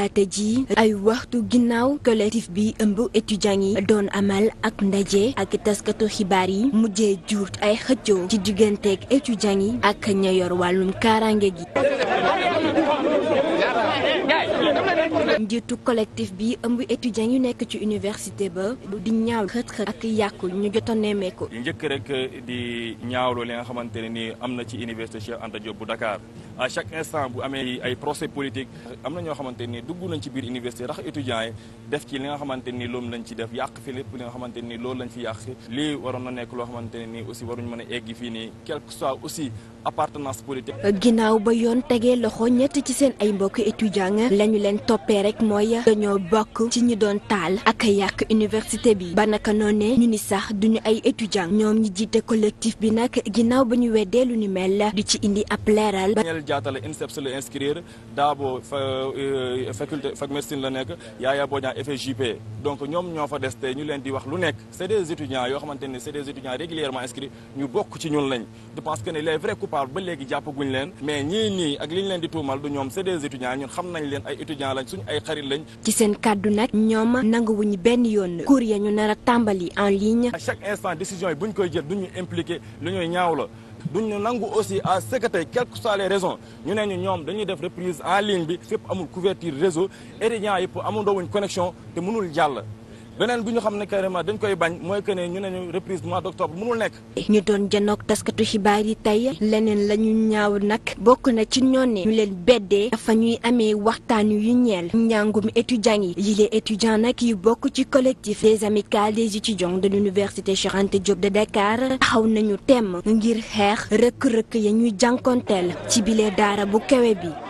talaata ji ay waxtu ginnaaw collectif bi ëmb étudiants yi doon amal ak ndaje ak taskatu xibaar yi mujjee jur ay xëccoo ci digganteeg étudiants yi ak ña yor wàllum kaaraange gi. njiitu collectif bi ëmb étudiants yu nekk ci université ba di ñaaw xët ñu jot a njëkk rek di li nga xamante ne ni am na ci université Cheikh Anta bu Dakar. à chaque instant bu amee ay procès politique am na ñoo xamante ni dugg nañ ci biir université rax étudiants yi def ci li nga xamante ni loolu lañ fi yàq lii waroon na nekk loo xamante ni aussi waruñ mën a eggi fii nii quel soit aussi appartenance politique. ginnaaw ba yoon tegee loxo ñett ci seen ay mbokk étudiants la ñu leen toppee rek mooy dañoo bokk ci ñi doon taal ak yàq université bi ba naka noonee ñu ni sax duñu ay étudiants ñoom ñi jiite collectif bi nag ginnaaw ba ñu weddee lu ni Diatta la INSEPS la inscrire Dabo euh, faculté fac médecine la nekk Yaya Bodian FJP donc ñoom ñoo fa des te ñu leen di wax lu nekk c' des étudiants yoo xamante ne c' est des étudiants régulièrement inscrits ñu bokk ci ñun lañ je pense que ne les vrais coupables ba léegi jàppaguñ leen mais ñii nii ak liñ leen di tuumal du ñoom c' des étudiants ñun xam nañ leen ay étudiants lañ suñ ay xarit lañ ci seen kàddu nag ñoom nanguwuñu benn yoon cours ya ñu nar a tàmbali en ligne à chaque instant décision yi buñ koy jël duñu impliqué lu ñuy duñ ñu nangu aussi à ce que tey quelles que soient les ñu ne ñu ñoom dañuy def reprise en ligne bi fépp amul couverture réseau étudiants yëpp amandoo wuñ connexion te mënul jàll beneen bi ñu xam ne carrément dañ koy bañ mooy que ne ñu neñu reprise mois d' octobre mënul nekk ñu doon janook taskatu xibaar yi tey leneen la ñu ñaaw nag bokk na ci ñoon ne ñu leen beddee dafa ñuy amee waxtaan yu ñeel njàngum étudiants yi yi les étudiants nag yu bokk ci collectif des amicales des étudiants de l' université Cheikh Anta Diop de Dakar taxaw nañu temm ngir xeex rëkk-rëkk ya ñuy jànkonteel ci bile daara bu kewe bi